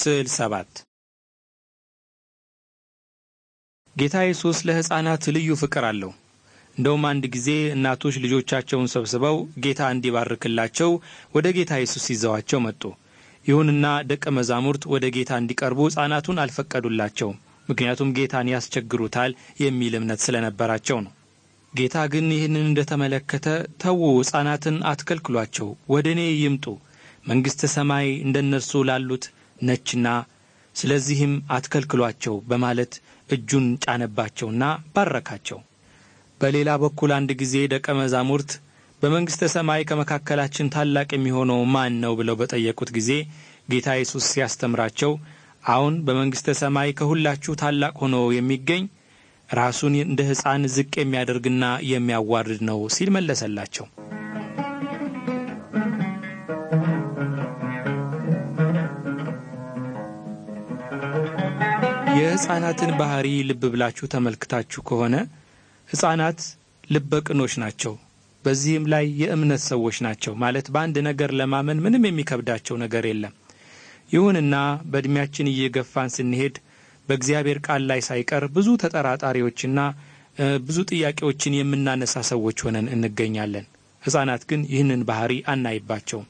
ስዕል ሰባት ጌታ ኢየሱስ ለሕፃናት ልዩ ፍቅር አለው። እንደውም አንድ ጊዜ እናቶች ልጆቻቸውን ሰብስበው ጌታ እንዲባርክላቸው ወደ ጌታ ኢየሱስ ይዘዋቸው መጡ። ይሁንና ደቀ መዛሙርት ወደ ጌታ እንዲቀርቡ ሕፃናቱን አልፈቀዱላቸውም። ምክንያቱም ጌታን ያስቸግሩታል የሚል እምነት ስለነበራቸው ነው። ጌታ ግን ይህንን እንደተመለከተ ተዉ፣ ሕፃናትን አትከልክሏቸው፣ ወደ እኔ ይምጡ፣ መንግሥተ ሰማይ እንደ እነርሱ ላሉት ነችና ስለዚህም አትከልክሏቸው በማለት እጁን ጫነባቸውና ባረካቸው። በሌላ በኩል አንድ ጊዜ ደቀ መዛሙርት በመንግሥተ ሰማይ ከመካከላችን ታላቅ የሚሆነው ማን ነው ብለው በጠየቁት ጊዜ ጌታ ኢየሱስ ሲያስተምራቸው አሁን በመንግሥተ ሰማይ ከሁላችሁ ታላቅ ሆኖ የሚገኝ ራሱን እንደ ሕፃን ዝቅ የሚያደርግና የሚያዋርድ ነው ሲል መለሰላቸው። የሕፃናትን ባህሪ ልብ ብላችሁ ተመልክታችሁ ከሆነ ሕፃናት ቅኖች ናቸው። በዚህም ላይ የእምነት ሰዎች ናቸው ማለት በአንድ ነገር ለማመን ምንም የሚከብዳቸው ነገር የለም። ይሁንና በዕድሜያችን እየገፋን ስንሄድ በእግዚአብሔር ቃል ላይ ሳይቀር ብዙ ተጠራጣሪዎችና ብዙ ጥያቄዎችን የምናነሳ ሰዎች ሆነን እንገኛለን። ሕፃናት ግን ይህንን ባህሪ አናይባቸውም።